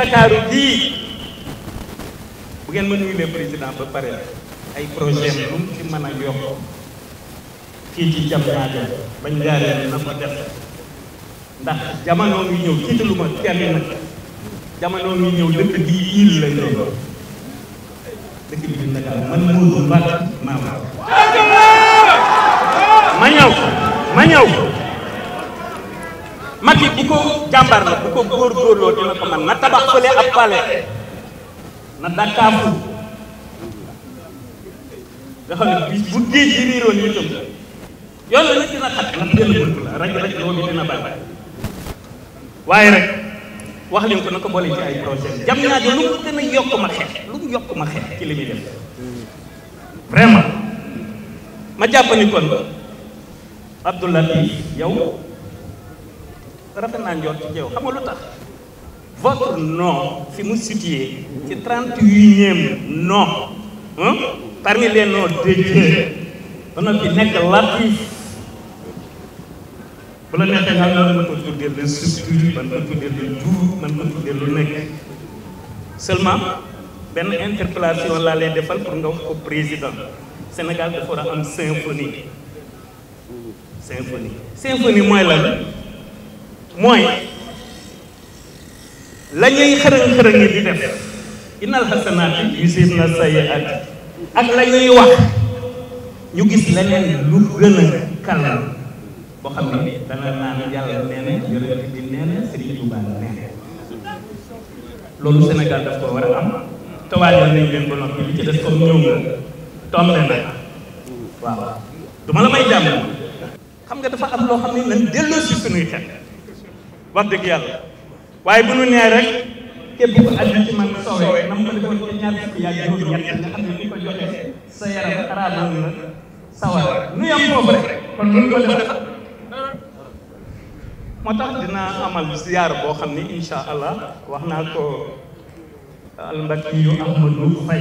ndakaaru gii bu ngeen ma président ba pare ay projet lu ci mën a yokk fii ci jam naajo bañ jaaree na ko def ndax jamono ngi ñëw tiitalu ma kenn nag jamono ngi ñëw dëkk bi il la ñëw dëkk bi Ndakaaru man Modou Mbacké maa ma ñëw ma ñëw Macky bu ko jàmbar la bu ko góorgóorloo dina ko man na tabax fële ab palais na dàkkaafu nga xam ne bu géej yi réeroon ñu tëm yoon la nag dina xat wax leen ko na ko boole ci ay projet jam naa lu mu gën a yokk ma xeex lu mu yokk ma xeex ci li muy def ma jàpp ni yow rafet naa njort ci yow xam nga lu tax votre nom fi mu situé ci trente-huitième nom parmi les noms de Dieu ba noppi nekk latif bu la nekkee nga nga mën ko tuddee le structure man ko tuddee le jour man ko tuddee lu nekk seulement benn interpellation laa defal pour nga ko président Sénégal dafa war a am mooy lan mooy la ñuy xërëng-xërëng yi di def innal xasanaati yusibna sayiati ak la wax ñu gis leneen lu gën a kalal boo xam ne dana naan yàlla nee na yonent bi nee na Sëriñ Tuubaa nee loolu Sénégal daf ko war a am tawaajal nañ leen ba noppi li ci des comme ñëw nga tombe na waaw du la may jàmm xam nga dafa am loo xam ne nañ delloo si suñuy xel wax dëgg yàlla waaye bu ñu nee rek képp ku aju ci man soowee na mu ko defoon ca ñaar fukki yaa ngi juróom ñett nga xam ne ni ko joxee sa yaram xaraamal na sawar nu yam boobu rek kon lu ko def moo tax dinaa amal ziar boo xam ni insha allah wax naa ko al mbakki yu ahmadu fay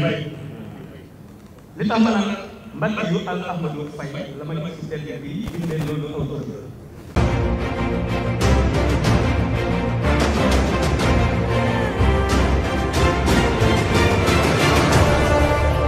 li tax ma naan mbakki yu al ahmadu fay la ma gis ci bi bindee loolu autor